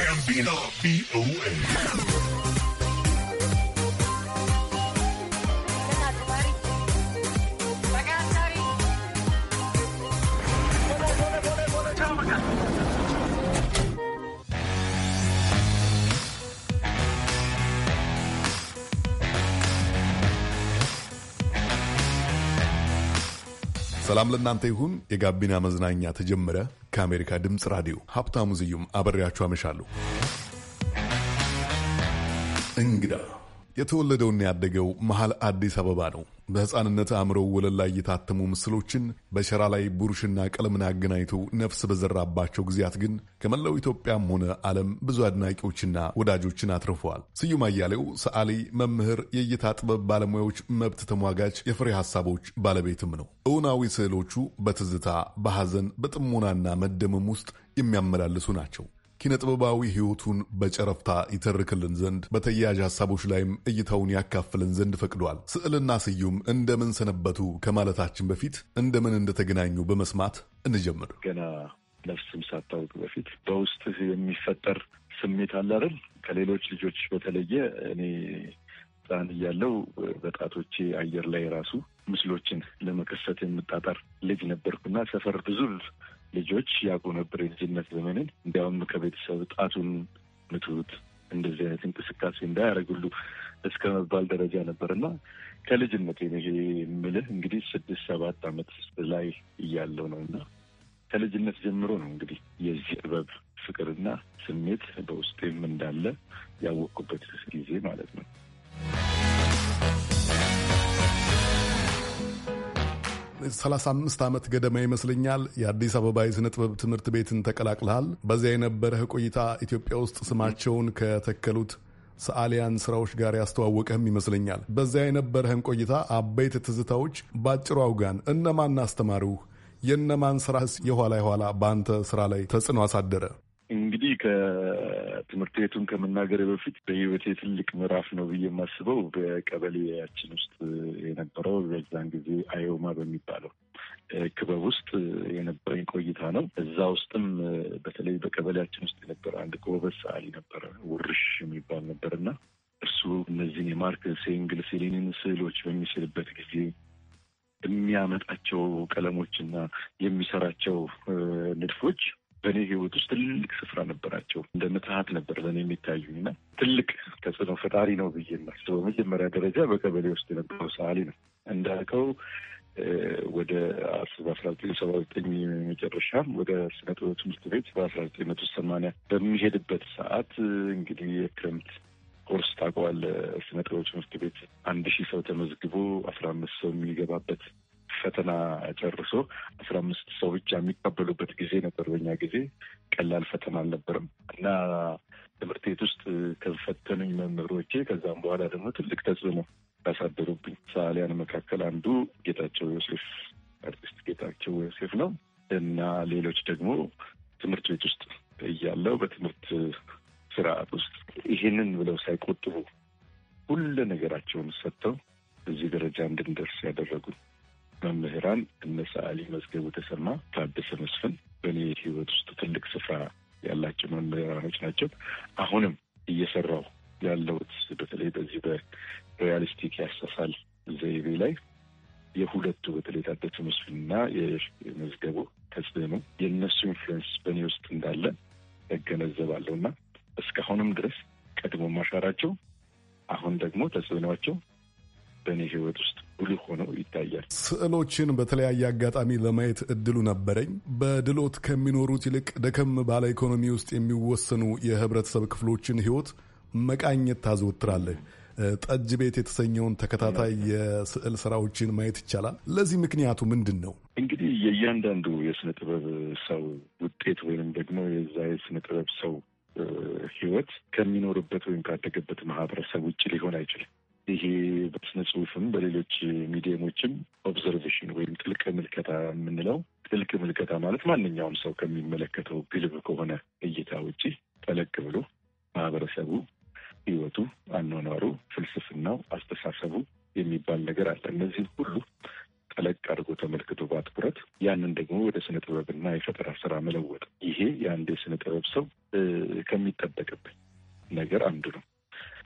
ጋቢና ቪኦኤ ሰላም ለእናንተ ይሁን። የጋቢና መዝናኛ ተጀመረ። ከአሜሪካ ድምፅ ራዲዮ ሀብታሙ ዝዩም አበሬያችሁ አመሻለሁ። እንግዳ የተወለደውና ያደገው መሀል አዲስ አበባ ነው። በሕፃንነት አእምሮው ወለል ላይ የታተሙ ምስሎችን በሸራ ላይ ብሩሽና ቀለምን አገናኝቶ ነፍስ በዘራባቸው ጊዜያት ግን ከመላው ኢትዮጵያም ሆነ ዓለም ብዙ አድናቂዎችና ወዳጆችን አትርፈዋል። ስዩም አያሌው ሰዓሊ፣ መምህር፣ የእይታ ጥበብ ባለሙያዎች መብት ተሟጋች፣ የፍሬ ሐሳቦች ባለቤትም ነው። እውናዊ ስዕሎቹ በትዝታ በሐዘን በጥሞናና መደመም ውስጥ የሚያመላልሱ ናቸው። ኪነጥበባዊ ሕይወቱን በጨረፍታ ይተርክልን ዘንድ በተያያዥ ሀሳቦች ላይም እይታውን ያካፍልን ዘንድ ፈቅዷል። ስዕልና ስዩም እንደምን ሰነበቱ ከማለታችን በፊት እንደምን እንደተገናኙ በመስማት እንጀምር። ገና ነፍስም ሳታውቅ በፊት በውስጥህ የሚፈጠር ስሜት አለ አይደል? ከሌሎች ልጆች በተለየ እኔ ሕፃን እያለሁ በጣቶቼ አየር ላይ ራሱ ምስሎችን ለመከሰት የምጣጠር ልጅ ነበርኩና ሰፈር ብዙ ልጆች ያውቁ ነበር የልጅነት ዘመንን። እንዲያውም ከቤተሰብ ጣቱን ምትሁት እንደዚህ አይነት እንቅስቃሴ እንዳያደርጉሉ እስከ መባል ደረጃ ነበር እና ከልጅነት ይሄ የምልህ እንግዲህ ስድስት ሰባት አመት ላይ እያለው ነው እና ከልጅነት ጀምሮ ነው እንግዲህ የዚህ ጥበብ ፍቅርና ስሜት በውስጤም እንዳለ ያወቅኩበት ጊዜ ማለት ነው። 35 ዓመት ገደማ ይመስለኛል የአዲስ አበባ የሥነ ጥበብ ትምህርት ቤትን ተቀላቅለሃል። በዚያ የነበረህ ቆይታ ኢትዮጵያ ውስጥ ስማቸውን ከተከሉት ሰዓሊያን ስራዎች ጋር ያስተዋወቀህም ይመስለኛል። በዚያ የነበረህን ቆይታ አበይት ትዝታዎች በአጭሩ አውጋን። እነማን አስተማሩህ? የእነማን ስራህስ የኋላ የኋላ በአንተ ስራ ላይ ተጽዕኖ አሳደረ? እንግዲህ ከትምህርት ቤቱን ከመናገር በፊት በህይወቴ ትልቅ ምዕራፍ ነው ብዬ የማስበው በቀበሌያችን ውስጥ የነበረው በዛን ጊዜ አዮማ በሚባለው ክበብ ውስጥ የነበረኝ ቆይታ ነው። እዛ ውስጥም በተለይ በቀበሌያችን ውስጥ የነበረ አንድ ጎበዝ ሰዓሊ ነበረ፣ ውርሽ የሚባል ነበር እና እርሱ እነዚህን የማርከስ የእንግሊዝን ስዕሎች በሚስልበት ጊዜ የሚያመጣቸው ቀለሞችና የሚሰራቸው ንድፎች በእኔ ህይወት ውስጥ ትልቅ ስፍራ ነበራቸው። እንደ ምትሀት ነበር ለእኔ የሚታዩኝና ትልቅ ተጽዕኖ ፈጣሪ ነው ብዬ የማስበው በመጀመሪያ ደረጃ በቀበሌ ውስጥ የነበረው ሰዓሊ ነው እንዳልከው ወደ በአስራ ዘጠኝ ሰባ ዘጠኝ መጨረሻ ወደ ስነ ጥበብ ትምህርት ቤት በአስራ ዘጠኝ መቶ ሰማንያ በሚሄድበት ሰዓት እንግዲህ የክረምት ኮርስ ታውቀዋለህ። ስነ ጥበብ ትምህርት ቤት አንድ ሺህ ሰው ተመዝግቦ አስራ አምስት ሰው የሚገባበት ፈተና ጨርሶ አስራ አምስት ሰው ብቻ የሚቀበሉበት ጊዜ ነበር። በኛ ጊዜ ቀላል ፈተና አልነበርም እና ትምህርት ቤት ውስጥ ከፈተኑኝ መምህሮቼ ከዛም በኋላ ደግሞ ትልቅ ተጽዕኖ ያሳደሩብኝ ሰዓሊያን መካከል አንዱ ጌታቸው ዮሴፍ አርቲስት ጌታቸው ዮሴፍ ነው እና ሌሎች ደግሞ ትምህርት ቤት ውስጥ እያለው በትምህርት ስርዓት ውስጥ ይህንን ብለው ሳይቆጥቡ ሁሉ ነገራቸውን ሰጥተው እዚህ ደረጃ እንድንደርስ ያደረጉ መምህራን እነ ሰዓሊ መዝገቡ ተሰማ፣ ታደሰ መስፍን በእኔ ህይወት ውስጥ ትልቅ ስፍራ ያላቸው መምህራኖች ናቸው። አሁንም እየሰራው ያለውት በተለይ በዚህ በሪያሊስቲክ ያሳሳል ዘይቤ ላይ የሁለቱ በተለይ ታደሰ መስፍንና የመዝገቡ ተጽዕኖ የእነሱ ኢንፍሉዌንስ በእኔ ውስጥ እንዳለ እገነዘባለሁ እና እስካሁንም ድረስ ቀድሞ ማሻራቸው አሁን ደግሞ ተጽዕኗቸው በእኔ ህይወት ውስጥ ጉልህ ሆነው ይታያል። ስዕሎችን በተለያየ አጋጣሚ ለማየት እድሉ ነበረኝ። በድሎት ከሚኖሩት ይልቅ ደከም ባለ ኢኮኖሚ ውስጥ የሚወሰኑ የህብረተሰብ ክፍሎችን ህይወት መቃኘት ታዘወትራለህ። ጠጅ ቤት የተሰኘውን ተከታታይ የስዕል ስራዎችን ማየት ይቻላል። ለዚህ ምክንያቱ ምንድን ነው? እንግዲህ የእያንዳንዱ የስነ ጥበብ ሰው ውጤት ወይም ደግሞ የዛ የስነ ጥበብ ሰው ህይወት ከሚኖርበት ወይም ካደገበት ማህበረሰብ ውጭ ሊሆን አይችልም። ይሄ በስነ ጽሁፍም በሌሎች ሚዲየሞችም ኦብዘርቬሽን ወይም ጥልቅ ምልከታ የምንለው ጥልቅ ምልከታ ማለት ማንኛውም ሰው ከሚመለከተው ግልብ ከሆነ እይታ ውጪ ጠለቅ ብሎ ማህበረሰቡ፣ ህይወቱ፣ አኗኗሩ፣ ፍልስፍናው፣ አስተሳሰቡ የሚባል ነገር አለ። እነዚህ ሁሉ ጠለቅ አድርጎ ተመልክቶ በአትኩረት ያንን ደግሞ ወደ ስነ ጥበብና የፈጠራ ስራ መለወጥ፣ ይሄ የአንድ የስነ ጥበብ ሰው ከሚጠበቅብን ነገር አንዱ ነው።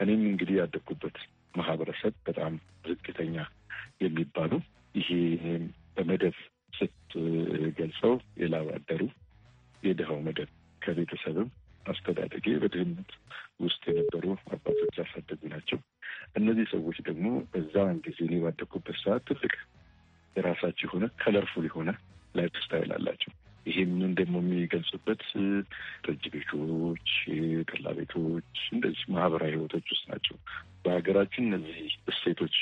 እኔም እንግዲህ ያደግኩበት ማህበረሰብ በጣም ዝቅተኛ የሚባሉ ይሄ በመደብ ስትገልጸው የላብ አደሩ የድሃው መደብ ከቤተሰብም አስተዳደጌ በድህነት ውስጥ የነበሩ አባቶች ያሳደጉ ናቸው። እነዚህ ሰዎች ደግሞ በዛን ጊዜ እኔ ሰዓት ትልቅ የራሳቸው የሆነ ከለርፉል የሆነ ላይፍ ስታይል አላቸው። ይህንን ደግሞ የሚገልጹበት ጠጅ ቤቶች፣ ጠላ ቤቶች እንደዚህ ማህበራዊ ህይወቶች ውስጥ ናቸው። በሀገራችን እነዚህ እሴቶች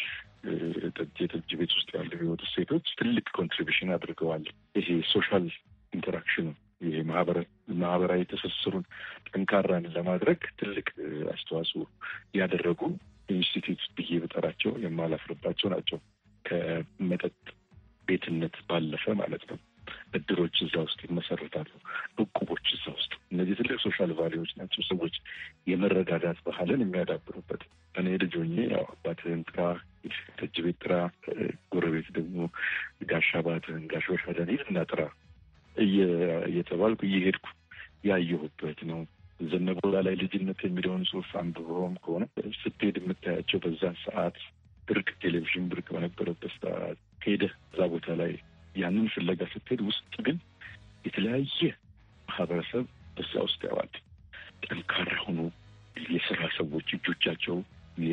የጠጅ ቤት ውስጥ ያሉ ህይወት እሴቶች ትልቅ ኮንትሪቢሽን አድርገዋል። ይሄ ሶሻል ኢንተራክሽኑ ይሄ ማህበራዊ ትስስሩን ጠንካራን ለማድረግ ትልቅ አስተዋጽኦ ያደረጉ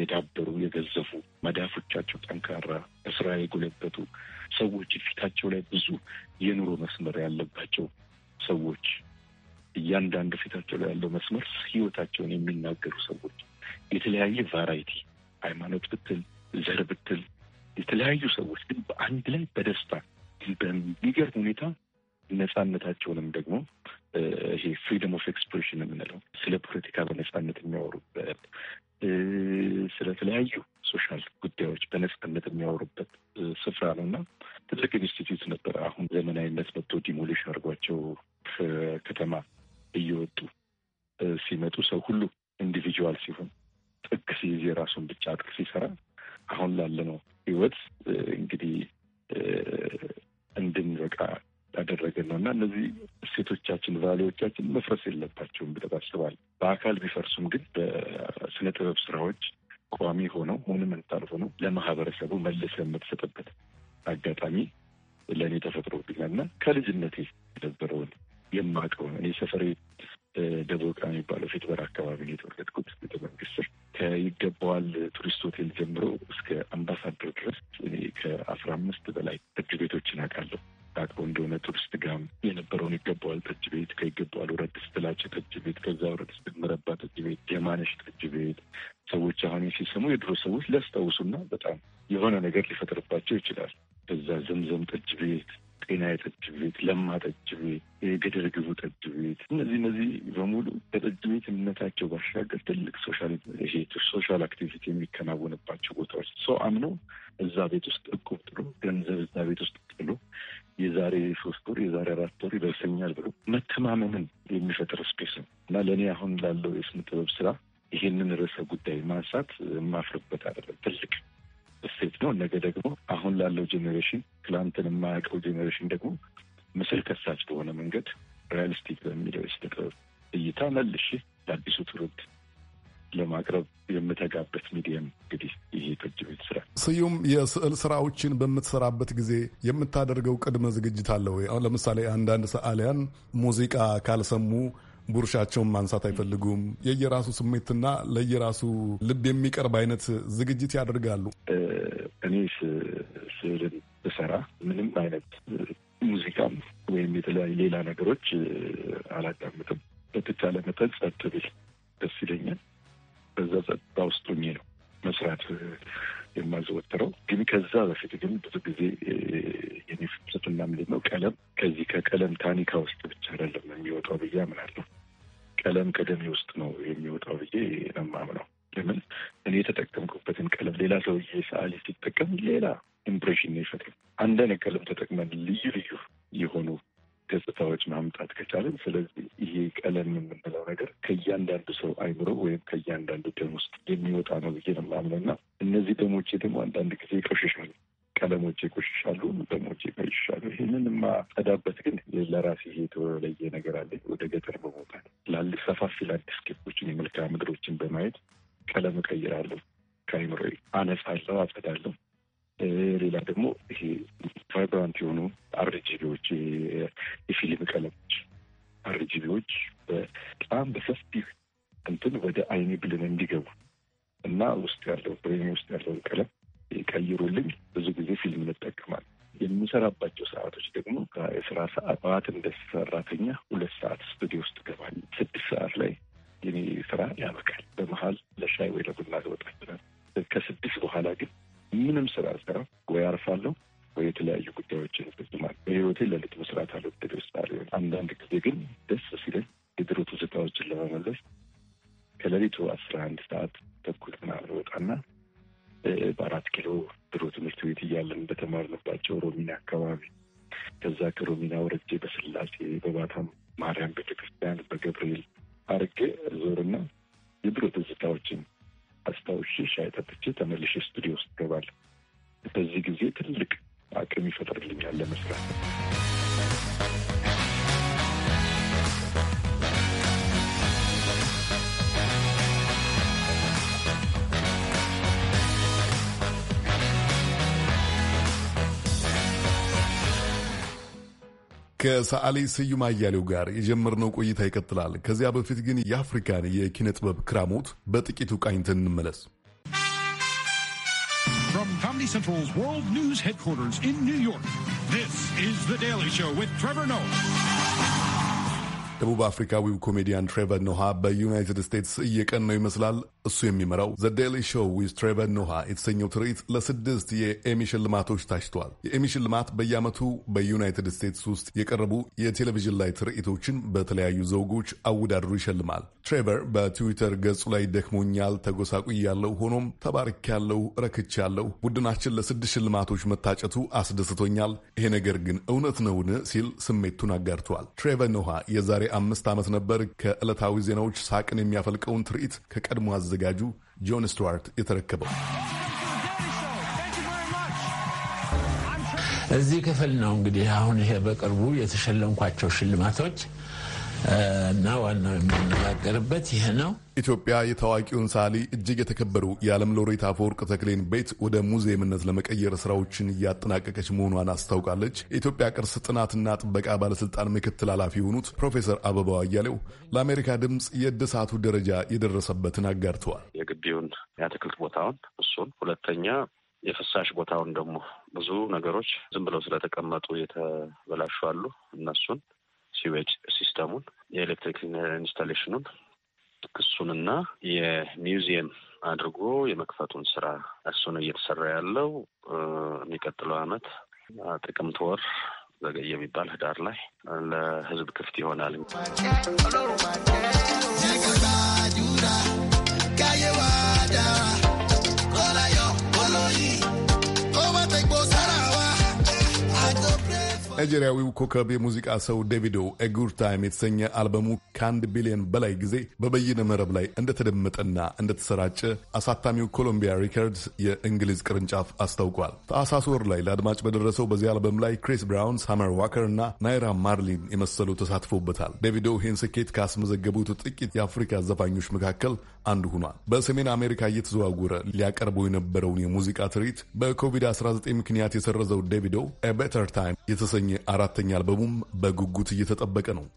የዳበሩ የገዘፉ መዳፎቻቸው ጠንካራ በስራ የጎለበቱ ሰዎች ፊታቸው ላይ ብዙ የኑሮ መስመር ያለባቸው ሰዎች እያንዳንዱ ፊታቸው ላይ ያለው መስመር ህይወታቸውን የሚናገሩ ሰዎች የተለያየ ቫራይቲ ሃይማኖት ብትል ዘር ብትል የተለያዩ ሰዎች ግን በአንድ ላይ በደስታ በሚገርም ሁኔታ ነፃነታቸውንም ደግሞ ይሄ ፍሪደም ኦፍ ኤክስፕሬሽን የምንለው ስለ ፖለቲካ በነጻነት የሚያወሩበት ስለተለያዩ ሶሻል ጉዳዮች በነጻነት የሚያወሩበት ስፍራ ነው እና ትልቅ ኢንስቲትዩት ነበር። አሁን ዘመናዊነት መጥቶ ዲሞሊሽ አድርጓቸው ከተማ እየወጡ ሲመጡ ሰው ሁሉ ኢንዲቪጁዋል ሲሆን ጥግ ሲይዝ የራሱን ብቻ አጥር ሲሰራ አሁን ላለነው ህይወት እንግዲህ እንድንበቃ ያደረገ ነው እና እነዚህ እሴቶቻችን ቫሌዎቻችን መፍረስ የለባቸውም ብለን አስባል። በአካል ቢፈርሱም ግን በስነ ጥበብ ስራዎች ቋሚ ሆነው ሞኑመንታል ሆነው ለማህበረሰቡ መልስ የምትሰጥበት አጋጣሚ ለእኔ ተፈጥሮብኛል እና ከልጅነቴ የነበረውን የማውቀውን እኔ ሰፈሬ ደቦቃ የሚባለው ፊት በር አካባቢ ነው የተወለድኩት። ቤተመንግስት ስር ከይገባዋል ቱሪስት ሆቴል ጀምሮ እስከ አምባሳደር ድረስ እኔ ከአስራ አምስት በላይ ፍርድ ቤቶችን አውቃለሁ። ታቅቦ እንደሆነ ቱሪስት ጋም የነበረውን ይገባዋል ጠጅ ቤት ከይገባዋል ወረድ ስትላቸ ጠጅ ቤት ከዛ ወረድ ስትመረባ ጠጅ ቤት የማነሽ ጠጅ ቤት ሰዎች አሁን ሲሰሙ የድሮ ሰዎች ሊያስታውሱና በጣም የሆነ ነገር ሊፈጥርባቸው ይችላል። ከዛ ዘምዘም ጠጅ ቤት፣ ጤና የጠጅ ቤት፣ ለማ ጠጅ ቤት፣ የገደር ግቡ ጠጅ ቤት እነዚህ እነዚህ በሙሉ ከጠጅ ቤትነታቸው ባሻገር ትልቅ ሶሻል ሶሻል አክቲቪቲ የሚከናወንባቸው ቦታዎች ሰው አምኖ እዛ ቤት ውስጥ እቁብ ጥሎ ገንዘብ እዛ ቤት ውስጥ ጥሎ የዛሬ ሶስት ወር የዛሬ አራት ወር ይደርሰኛል ብሎ መተማመንን የሚፈጥር ስፔስ ነው እና ለእኔ አሁን ላለው የስነ ጥበብ ስራ ይህንን ርዕሰ ጉዳይ ማንሳት የማፍርበት አይደለም። ትልቅ እሴት ነው። ነገ ደግሞ አሁን ላለው ጄኔሬሽን፣ ትላንትን የማያውቀው ጄኔሬሽን ደግሞ ምስል ከሳች በሆነ መንገድ ሪያሊስቲክ በሚለው የስነ ጥበብ እይታ መልሼ ለአዲሱ ትውልድ ለማቅረብ የምተጋበት ሚዲየም እንግዲህ ይሄ ቅጅ ቤት ስራ። ስዩም፣ የስዕል ስራዎችን በምትሰራበት ጊዜ የምታደርገው ቅድመ ዝግጅት አለ ወይ? አሁን ለምሳሌ አንዳንድ ሰዓሊያን ሙዚቃ ካልሰሙ ቡርሻቸውን ማንሳት አይፈልጉም። የየራሱ ስሜትና ለየራሱ ልብ የሚቀርብ አይነት ዝግጅት ያደርጋሉ። እኔ ስዕልን ብሰራ ምንም አይነት ሙዚቃም ወይም የተለያዩ ሌላ ነገሮች አላዳምጥም። በተቻለ መጠን ጸጥ ብል የሚያዘወትረው። ግን ከዛ በፊት ግን ብዙ ጊዜ የኔ ፍልስፍና ምንድን ነው ቀለም ከዚህ ከቀለም ታኒካ ውስጥ ብቻ አይደለም የሚወጣው ብዬ አምናለሁ። ቀለም ከደሜ ውስጥ ነው የሚወጣው ብዬ የማምነው። ለምን እኔ የተጠቀምኩበትን ቀለም ሌላ ሰውዬ ሰዓሊ ሲጠቀም ሌላ ኢምፕሬሽን ነው ይፈጥራል። አንድ አይነት ቀለም ተጠቅመን ልዩ ልዩ የሆኑ ገጽታዎች ማምጣት ከቻለን፣ ስለዚህ ይሄ ቀለም የምንለው ነገር ከእያንዳንዱ ሰው አይምሮ ወይም ከእያንዳንዱ ደም ውስጥ የሚወጣ ነው ብዬ ነው የማምነው እና እነዚህ ደሞቼ ደግሞ አንዳንድ ጊዜ ይቆሽሻሉ። ቀለሞቼ ይቆሽሻሉ፣ ደሞቼ ይቆሽሻሉ። ይህንን የማጸዳበት ግን ለራሴ የተለየ ነገር አለ። ወደ ገጠር በመውጣት ላል ሰፋፊ ላንድስኬፖችን የመልክዓ ምድሮችን በማየት ቀለም እቀይራለሁ፣ ከአይምሮ አነጻለሁ፣ አጸዳለሁ። ሌላ ደግሞ ይሄ ቫይብራንት የሆኑ አርጂቢዎች የፊልም ቀለሞች አርጂቢዎች በጣም በሰፊ እንትን ወደ አይኒ ብልን እንዲገቡ እና ውስጥ ያለው ብሬን ውስጥ ያለውን ቀለም ቀይሩልኝ። ብዙ ጊዜ ፊልም እንጠቀማል። የምሰራባቸው ሰዓቶች ደግሞ የስራ ሰዓት ማት እንደ ሰራተኛ ሁለት ሰዓት ስቱዲዮ ውስጥ ገባል። ስድስት ሰዓት ላይ የኔ ስራ ያበቃል። በመሀል ለሻይ ወይ ለቡና ልወጣል። ምንም ስራ አልሰራም። ከሰዓሊ ስዩም አያሌው ጋር የጀመርነው ቆይታ ይቀጥላል። ከዚያ በፊት ግን የአፍሪካን የኪነ ጥበብ ክራሞት በጥቂቱ ቃኝተን እንመለስ። From Comedy Central's World News Headquarters in New York, this is The Daily Show with Trevor Noah. ደቡብ አፍሪካዊው ኮሜዲያን ትሬቨር ኖሃ በዩናይትድ ስቴትስ እየቀን ነው ይመስላል። እሱ የሚመራው ዘ ዴይሊ ሾው ዊዝ ትሬቨር ኖሃ የተሰኘው ትርኢት ለስድስት የኤሚ ሽልማቶች ታጭቷል። የኤሚ ሽልማት በየዓመቱ በዩናይትድ ስቴትስ ውስጥ የቀረቡ የቴሌቪዥን ላይ ትርኢቶችን በተለያዩ ዘውጎች አወዳድሮ ይሸልማል። ትሬቨር በትዊተር ገጹ ላይ ደክሞኛል፣ ተጎሳቁ ያለው ሆኖም ተባርክ ያለው ረክች ያለው ቡድናችን ለስድስት ሽልማቶች መታጨቱ አስደስቶኛል፣ ይሄ ነገር ግን እውነት ነውን? ሲል ስሜቱን አጋርተዋል። ትሬቨር ኖሃ የዛሬ አምስት ዓመት ነበር ከዕለታዊ ዜናዎች ሳቅን የሚያፈልቀውን ትርኢት ከቀድሞ አዘ አዘጋጁ ጆን ስቱዋርት የተረከበው። እዚህ ክፍል ነው እንግዲህ አሁን ይሄ በቅርቡ የተሸለምኳቸው ሽልማቶች እና ዋናው የምንነጋገርበት ይህ ነው። ኢትዮጵያ የታዋቂውን ሳሊ እጅግ የተከበሩ የዓለም ሎሬት አፈወርቅ ተክሌን ቤት ወደ ሙዚየምነት ለመቀየር ስራዎችን እያጠናቀቀች መሆኗን አስታውቃለች። የኢትዮጵያ ቅርስ ጥናትና ጥበቃ ባለስልጣን ምክትል ኃላፊ የሆኑት ፕሮፌሰር አበባው አያሌው ለአሜሪካ ድምፅ የእድሳቱ ደረጃ የደረሰበትን አጋርተዋል። የግቢውን የአትክልት ቦታውን እሱን፣ ሁለተኛ የፍሳሽ ቦታውን ደግሞ ብዙ ነገሮች ዝም ብለው ስለተቀመጡ የተበላሹ አሉ እነሱን ሲዌጅ ሲስተሙን የኤሌክትሪክ ኢንስታሌሽኑን እሱንና የሚውዚየም አድርጎ የመክፈቱን ስራ እሱን እየተሰራ ያለው የሚቀጥለው አመት ጥቅምት ወር ዘገየ የሚባል ህዳር ላይ ለህዝብ ክፍት ይሆናል። ናይጄሪያዊው ኮከብ የሙዚቃ ሰው ዴቪዶ ኤጉር ታይም የተሰኘ አልበሙ ከአንድ ቢሊዮን በላይ ጊዜ በበይነ መረብ ላይ እንደተደመጠና እንደተሰራጨ አሳታሚው ኮሎምቢያ ሪከርድስ የእንግሊዝ ቅርንጫፍ አስታውቋል። ታህሳስ ወር ላይ ለአድማጭ በደረሰው በዚህ አልበም ላይ ክሪስ ብራውን፣ ሳመር ዋከር እና ናይራ ማርሊን የመሰሉ ተሳትፎበታል። ዴቪዶ ይህን ስኬት ካስመዘገቡት ጥቂት የአፍሪካ ዘፋኞች መካከል አንዱ ሆኗል። በሰሜን አሜሪካ እየተዘዋወረ ሊያቀርበው የነበረውን የሙዚቃ ትርኢት በኮቪድ-19 ምክንያት የሰረዘው ዴቪዶ ኤ ቤተር ታይም የተሰኘ አራተኛ አልበሙም በጉጉት እየተጠበቀ ነው።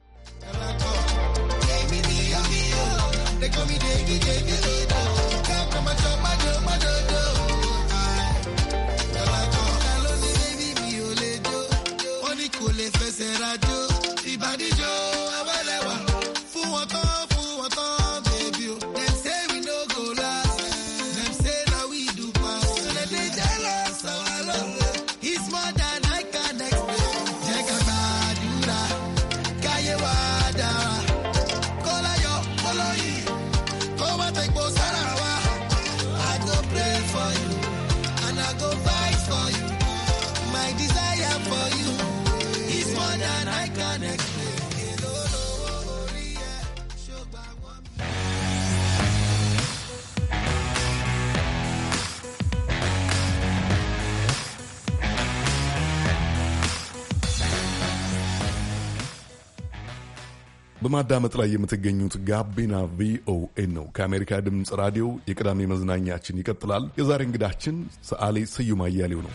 በማዳመጥ ላይ የምትገኙት ጋቢና ቪኦኤ ነው ከአሜሪካ ድምፅ ራዲዮ። የቅዳሜ መዝናኛችን ይቀጥላል። የዛሬ እንግዳችን ሰዓሊ ስዩም አያሌው ነው።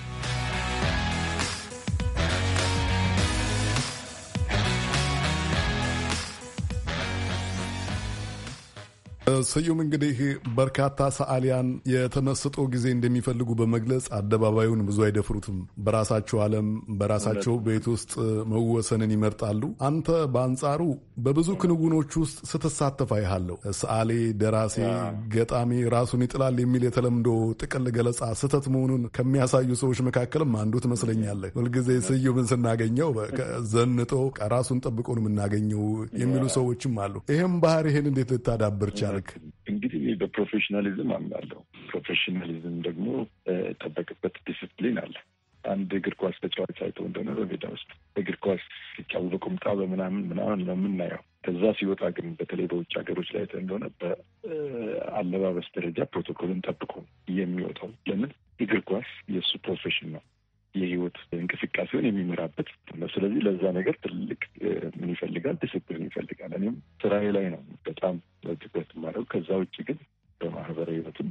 ስዩም እንግዲህ በርካታ ሰዓሊያን የተመስጦ ጊዜ እንደሚፈልጉ በመግለጽ አደባባዩን ብዙ አይደፍሩትም። በራሳቸው ዓለም በራሳቸው ቤት ውስጥ መወሰንን ይመርጣሉ። አንተ በአንጻሩ በብዙ ክንውኖች ውስጥ ስትሳተፍ አይሃለሁ። ሰዓሌ፣ ደራሴ፣ ገጣሚ ራሱን ይጥላል የሚል የተለምዶ ጥቅል ገለጻ ስህተት መሆኑን ከሚያሳዩ ሰዎች መካከልም አንዱ ትመስለኛለህ። ሁልጊዜ ስዩምን ስናገኘው ዘንጦ ራሱን ጠብቆ ነው የምናገኘው የሚሉ ሰዎችም አሉ። ይህም ባህሪህን እንዴት ልታዳብር ቻለ? ማድረግ? እንግዲህ በፕሮፌሽናሊዝም አምናለሁ። ፕሮፌሽናሊዝም ደግሞ ጠበቅበት ዲስፕሊን አለ። አንድ እግር ኳስ ተጫዋች አይቶ እንደሆነ በሜዳ ውስጥ እግር ኳስ ሲጫወት በቁምጣ በምናምን ምናምን ነው የምናየው። ከዛ ሲወጣ ግን በተለይ በውጭ ሀገሮች ላይ እንደሆነ በአለባበስ ደረጃ ፕሮቶኮልን ጠብቆ የሚወጣው ለምን? እግር ኳስ የእሱ ፕሮፌሽን ነው። የህይወት እንቅስቃሴውን የሚመራበት ነው። ስለዚህ ለዛ ነገር ትልቅ ምን ይፈልጋል? ዲስፕሊን ይፈልጋል። እኔም ስራዬ ላይ ነው በጣም ትኩረት ማድረግ። ከዛ ውጭ ግን በማህበረ ህይወትም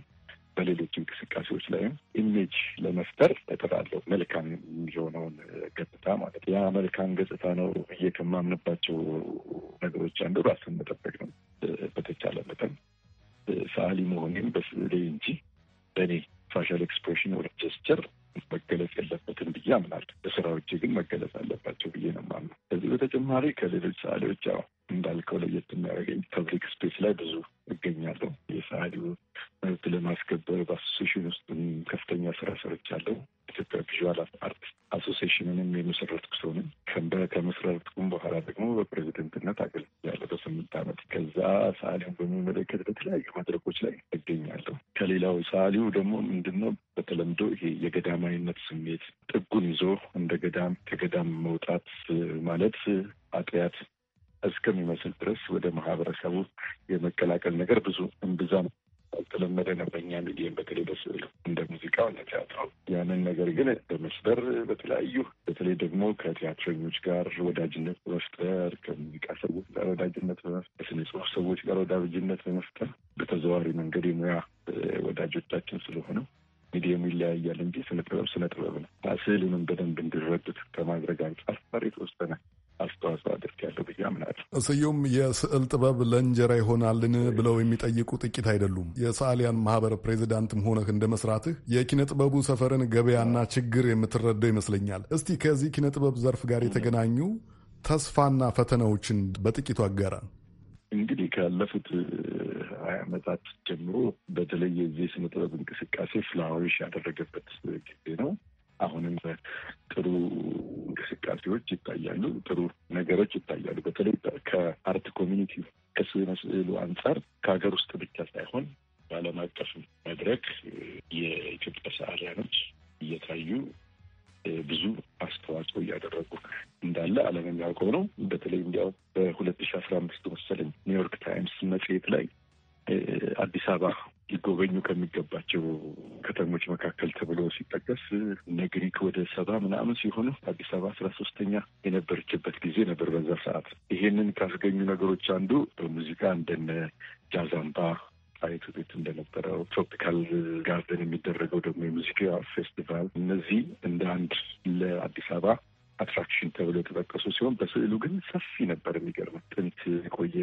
በሌሎች እንቅስቃሴዎች ላይም ኢሜጅ ለመፍጠር እጥራለሁ። መልካም የሆነውን ገጽታ ማለት ያ መልካም ገጽታ ነው ብዬ ከማምንባቸው ነገሮች አንዱ ራስን መጠበቅ ነው። በተቻለ መጠን ሰዓሊ መሆኔን በስዕሌ እንጂ በእኔ ፋሻል ኤክስፕሬሽን ወደ ጀስቸር ብዬ አምናለሁ። በስራዎቼ ግን መገለጽ አለባቸው ብዬ ነው የማምነው። ከዚህ በተጨማሪ ከሌሎች ሰዓሊዎች ያው እንዳልከው ለየት የሚያደርገኝ ፐብሊክ ስፔስ ላይ ብዙ እገኛለሁ። የሰዓሊው መብት ለማስከበር በአሶሴሽን ውስጥ ከፍተኛ ስራ ሰርቻለሁ። ኢትዮጵያ ቪዥዋል አርት አሶሴሽንንም የመሰረትኩ ሰው ነኝ። ከመሰረትኩም በኋላ ደግሞ በፕሬዚደንትነት አገልግያለሁ በስምንት ዓመት። ከዛ ሰዓሊውን በሚመለከት በተለያዩ መድረኮች ላይ እገኛለሁ። ከሌላው ሰዓሊው ደግሞ ምንድነው በተለምዶ ይሄ የገዳማዊነት ስሜት ጥጉን ይዞ እንደ ገዳም ከገዳም መውጣት ማለት አጥያት እስከሚመስል ድረስ ወደ ማህበረሰቡ የመቀላቀል ነገር ብዙ እምብዛም ያልተለመደ ነው በእኛ ሚዲየም በተለይ በስዕሉ እንደ ሙዚቃው እንደ ቲያትሮ ያንን ነገር ግን በመስበር በተለያዩ በተለይ ደግሞ ከቲያትረኞች ጋር ወዳጅነት በመፍጠር ከሙዚቃ ሰዎች ጋር ወዳጅነት በመፍጠር ከስነ ጽሁፍ ሰዎች ጋር ወዳጅነት በመፍጠር በተዘዋዋሪ መንገድ የሙያ ወዳጆቻችን ስለሆነው ሚዲየሙ ይለያያል እንጂ ስነ ጥበብ ስነ ጥበብ ነው። ስዕሉንም በደንብ እንዲረዱት ከማድረግ አንጻር ፈር የተወሰነ አስተዋጽኦ አድርጌያለሁ ብዬ አምናለሁ። ስዩም፣ የስዕል ጥበብ ለእንጀራ ይሆናልን ብለው የሚጠይቁ ጥቂት አይደሉም። የሰዓሊያን ማህበር ፕሬዚዳንትም ሆነህ እንደ መስራትህ የኪነ ጥበቡ ሰፈርን ገበያና ችግር የምትረዳው ይመስለኛል። እስቲ ከዚህ ኪነ ጥበብ ዘርፍ ጋር የተገናኙ ተስፋና ፈተናዎችን በጥቂቱ አጋራ። እንግዲህ ካለፉት ሀያ ዓመታት ጀምሮ በተለይ የዚህ ስነ ጥበብ እንቅስቃሴ ፍላዋሪሽ ያደረገበት ጊዜ ነው። አሁንም ጥሩ እንቅስቃሴዎች ይታያሉ፣ ጥሩ ነገሮች ይታያሉ። በተለይ ከአርት ኮሚኒቲ መስሉ አንጻር ከሀገር ውስጥ ብቻ ሳይሆን በዓለም አቀፍ መድረክ የኢትዮጵያ ሰዓሊያኖች እየታዩ ብዙ አስተዋጽኦ እያደረጉ እንዳለ ዓለም የሚያውቀው ነው። በተለይ እንዲያው በሁለት ሺ አስራ አምስት መሰለኝ ኒውዮርክ ታይምስ መጽሔት ላይ አዲስ አበባ ሊጎበኙ ከሚገባቸው ከተሞች መካከል ተብሎ ሲጠቀስ እነ ግሪክ ወደ ሰባ ምናምን ሲሆኑ አዲስ አበባ አስራ ሶስተኛ የነበረችበት ጊዜ ነበር በዛ ሰዓት። ይሄንን ካስገኙ ነገሮች አንዱ በሙዚቃ እንደነ ጃዛምባ ጣይቱ ቤት እንደነበረው ትሮፒካል ጋርደን የሚደረገው ደግሞ የሙዚቃ ፌስቲቫል እነዚህ እንደ አንድ ለአዲስ አበባ አትራክሽን ተብሎ የተጠቀሱ ሲሆን በስዕሉ ግን ሰፊ ነበር። የሚገርም ጥንት የቆየ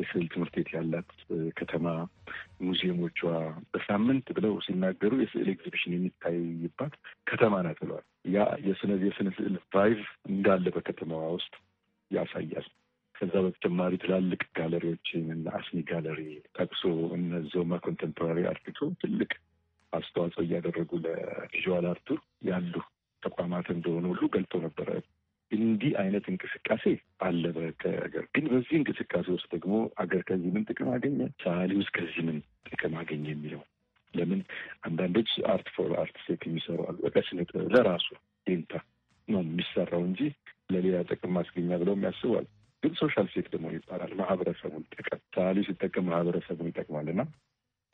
የስዕል ትምህርት ቤት ያላት ከተማ ሙዚየሞቿ በሳምንት ብለው ሲናገሩ የስዕል ኤግዚቢሽን የሚታይባት ከተማ ናት ብለዋል። ያ የስነ የስነ ስዕል ቫይቭ እንዳለ በከተማዋ ውስጥ ያሳያል። ከዛ በተጨማሪ ትላልቅ ጋለሪዎችን እና አስኒ ጋለሪ ጠቅሶ እነዞማ ኮንቴምፖራሪ አርቲቶ ትልቅ አስተዋጽኦ እያደረጉ ለቪዥዋል አርቱ ያሉ ተቋማት እንደሆኑ ሁሉ ገልጦ ነበረ። እንዲህ አይነት እንቅስቃሴ አለ በሀገር። ግን በዚህ እንቅስቃሴ ውስጥ ደግሞ አገር ከዚህ ምን ጥቅም አገኘ፣ ሳሊ ውስጥ ከዚህ ምን ጥቅም አገኘ የሚለው ለምን አንዳንዶች አርት ፎር አርት ሴክ የሚሰሩ አሉ። በስነ ለራሱ ዴንታ ነው የሚሰራው እንጂ ለሌላ ጥቅም ማስገኛ ብለው የሚያስቡ አሉ። ግን ሶሻል ሴክተር ደግሞ ይባላል ማህበረሰቡን ይጠቀም ሲጠቀም ማህበረሰቡን ይጠቅማል እና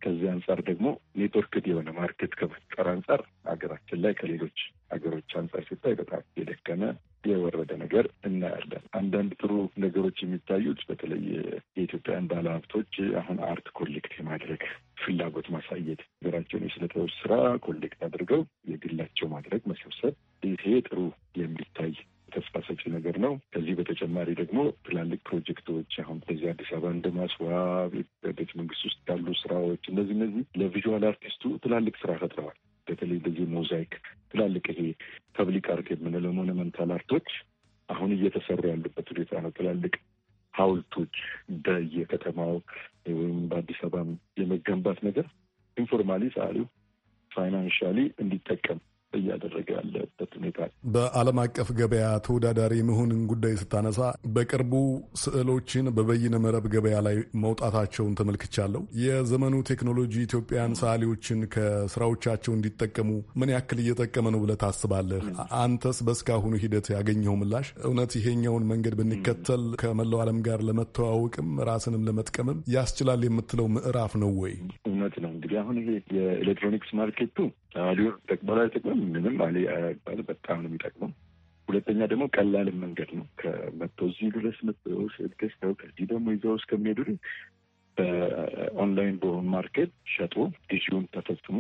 ከዚህ አንጻር ደግሞ ኔትወርክድ የሆነ ማርኬት ከመፍጠር አንጻር ሀገራችን ላይ ከሌሎች ሀገሮች አንጻር ሲታይ በጣም የደከመ የወረደ ነገር እናያለን። አንዳንድ ጥሩ ነገሮች የሚታዩት በተለይ የኢትዮጵያውያን ባለ ሀብቶች አሁን አርት ኮሌክት የማድረግ ፍላጎት ማሳየት፣ ሀገራቸውን የስነ ስራ ኮሌክት አድርገው የግላቸው ማድረግ መሰብሰብ፣ ይሄ ጥሩ የሚታይ ተስፋ ሰጪ ነገር ነው። ከዚህ በተጨማሪ ደግሞ ትላልቅ ፕሮጀክቶች አሁን በዚህ አዲስ አበባ እንደ ማስዋብ፣ ቤተ መንግስት ውስጥ ያሉ ስራዎች እነዚህ እነዚህ ለቪዥዋል አርቲስቱ ትላልቅ ስራ ፈጥረዋል። በተለይ በዚህ ሞዛይክ ትላልቅ ይሄ ፐብሊክ አርት የምንለው ሞኑመንታል አርቶች አሁን እየተሰሩ ያሉበት ሁኔታ ነው። ትላልቅ ሀውልቶች በየከተማው ወይም በአዲስ አበባ የመገንባት ነገር ኢንፎርማሊ ሰዓሊው ፋይናንሻሊ እንዲጠቀም በዓለም አቀፍ ገበያ ተወዳዳሪ መሆንን ጉዳይ ስታነሳ በቅርቡ ስዕሎችን በበይነ መረብ ገበያ ላይ መውጣታቸውን ተመልክቻለሁ። የዘመኑ ቴክኖሎጂ ኢትዮጵያን ሰዓሊዎችን ከስራዎቻቸው እንዲጠቀሙ ምን ያክል እየጠቀመ ነው ብለህ ታስባለህ? አንተስ በእስካሁኑ ሂደት ያገኘው ምላሽ እውነት ይሄኛውን መንገድ ብንከተል ከመላው ዓለም ጋር ለመተዋወቅም ራስንም ለመጥቀምም ያስችላል የምትለው ምዕራፍ ነው ወይ? እውነት ነው እንግዲህ አሁን ይሄ የኤሌክትሮኒክስ ማርኬቱ ሰዓሊውን ጠቅመላ ምንም አ በጣም የሚጠቅመው። ሁለተኛ ደግሞ ቀላል መንገድ ነው። ከመቶ እዚህ ድረስ መጥተው ከዚህ ደግሞ ይዘው እስከሚሄዱ በኦንላይን በሆን ማርኬት ሸጦ ግዢውን ተፈጽሞ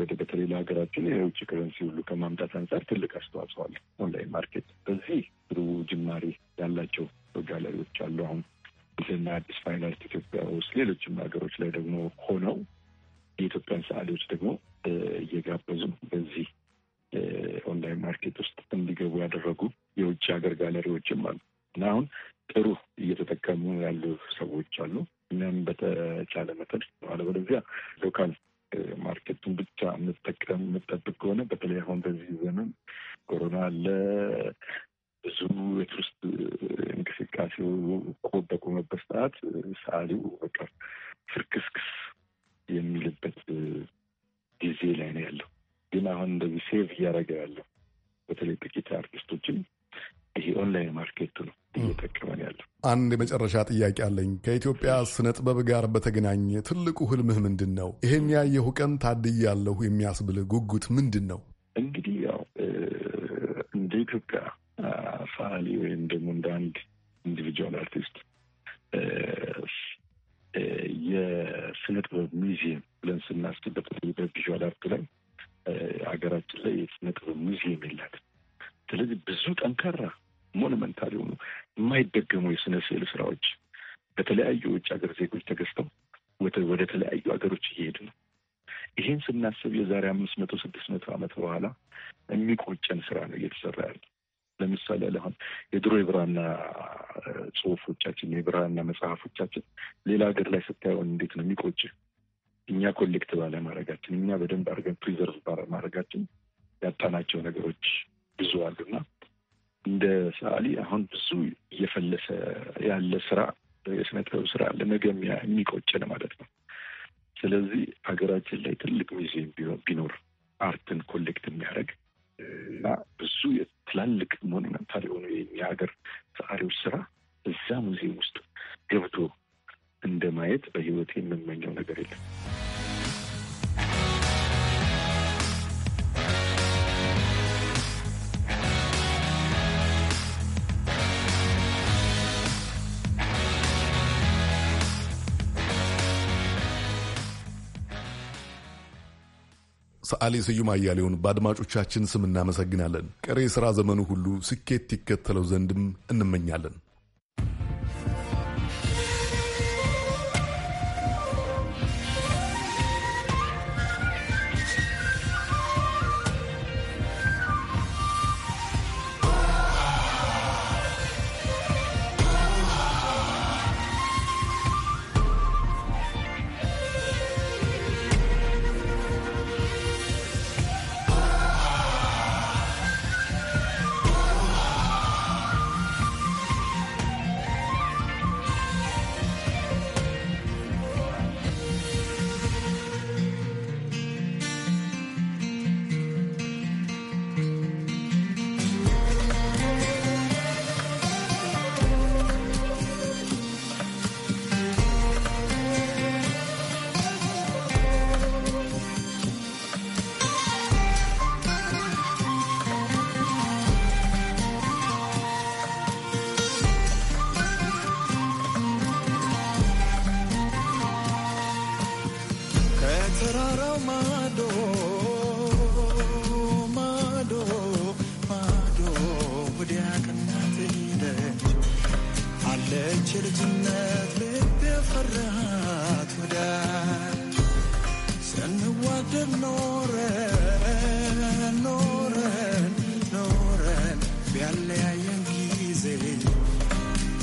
ወደ በተለይ ለሀገራችን የውጭ ከረንሲ ሁሉ ከማምጣት አንጻር ትልቅ አስተዋጽኦ አለ ኦንላይን ማርኬት። በዚህ ጥሩ ጅማሬ ያላቸው ጋለሪዎች አሉ። አሁን ዘና አዲስ ፋይን አርት ኢትዮጵያ ውስጥ፣ ሌሎችም ሀገሮች ላይ ደግሞ ሆነው የኢትዮጵያን ሰዓሊዎች ደግሞ እየጋበዙ በዚህ ማርኬት ውስጥ እንዲገቡ ያደረጉ የውጭ ሀገር ጋለሪዎችም አሉ እና አሁን ጥሩ እየተጠቀሙ ያሉ ሰዎች አሉ። አንድ የመጨረሻ ጥያቄ አለኝ። ከኢትዮጵያ ስነ ጥበብ ጋር በተገናኘ ትልቁ ህልምህ ምንድን ነው? ይህን ያየሁ ቀን ታድያለሁ የሚያስብልህ ጉጉት ምንድን ነው? እንግዲህ ያው እንደ ኢትዮጵያ ሰዓሊ ወይም ደግሞ እንደ አንድ ኢንዲቪጁዋል አርቲስት የስነ ጥበብ ሙዚየም ብለን ስናስብ በተለይ በቪዥዋል አርት ላይ ሀገራችን ላይ የስነ ጥበብ ሙዚየም የላት። ስለዚህ ብዙ ጠንካራ ሞኑመንታል የሆኑ የማይደገሙ የስነ ስዕል ስራዎች በተለያዩ የውጭ ሀገር ዜጎች ተገዝተው ወደ ተለያዩ ሀገሮች እየሄዱ ነው። ይህን ስናስብ የዛሬ አምስት መቶ ስድስት መቶ ዓመት በኋላ የሚቆጨን ስራ ነው እየተሰራ ያለ። ለምሳሌ አሁን የድሮ የብራና ጽሁፎቻችን የብራና መጽሐፎቻችን ሌላ ሀገር ላይ ስታየውን እንዴት ነው የሚቆጭ። እኛ ኮሌክት ማድረጋችን እኛ በደንብ አድርገን ፕሪዘርቭ ማድረጋችን ያጣናቸው ነገሮች ብዙ አሉና እንደ ሰዓሊ አሁን ብዙ እየፈለሰ ያለ ስራ የስነ ጥበብ ስራ ለመገሚያ የሚቆጨን ማለት ነው። ስለዚህ ሀገራችን ላይ ትልቅ ሙዚየም ቢኖር አርትን ኮሌክት የሚያደርግ እና ብዙ ትላልቅ ሞኒመንታል የሆኑ የሀገር ሰዓሊዎች ስራ እዛ ሙዚየም ውስጥ ገብቶ እንደማየት በህይወት የምመኘው ነገር የለም። ሰዓሊ ስዩም አያሌውን በአድማጮቻችን ስም እናመሰግናለን። ቀሪ የሥራ ዘመኑ ሁሉ ስኬት ይከተለው ዘንድም እንመኛለን። ስንዋደድ ኖረን ኖረን ቢያለያየን ጊዜ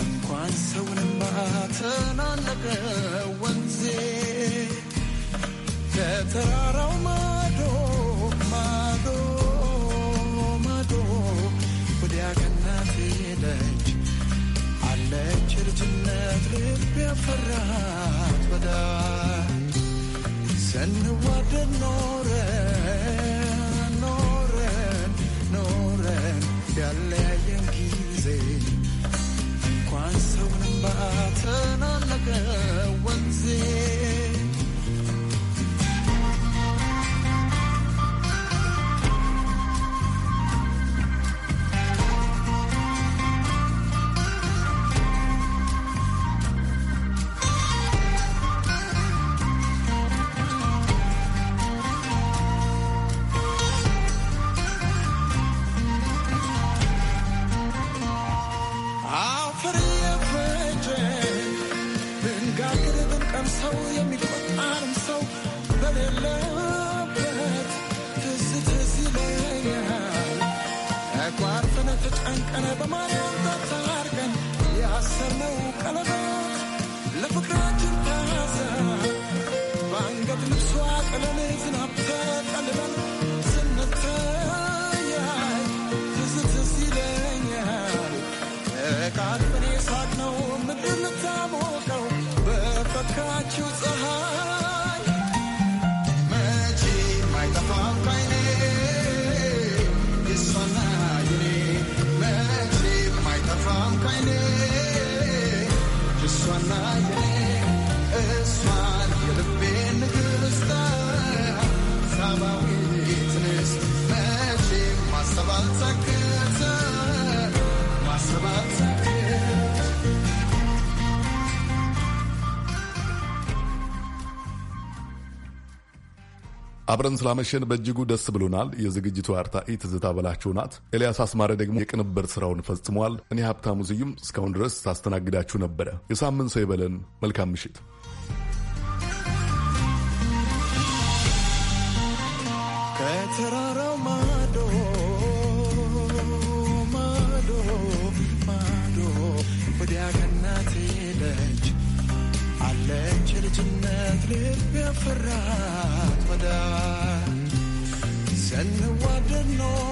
እንኳን ሰውንማ ተናነቀው ወንዜ ከተራራው አለች ልጅነት ልብ ያፈራት ስንዋደድ ኖረን ኖረን ኖረን ያለያየን ጊዜ እንኳን ሰውንም ባተናነቀ ወንዜ አብረን ስላመሸን በእጅጉ ደስ ብሎናል። የዝግጅቱ አርታኢ ትዝታ በላቸው ናት። ኤልያስ አስማረ ደግሞ የቅንብር ስራውን ፈጽሟል። እኔ ሀብታሙ ስዩም እስካሁን ድረስ ሳስተናግዳችሁ ነበረ። የሳምንት ሰው ይበለን። መልካም ምሽት። ከተራራው ማዶ ማዶ ማዶ ወዲያ አለች ልጅነት ልብ ያፈራ Send the water north.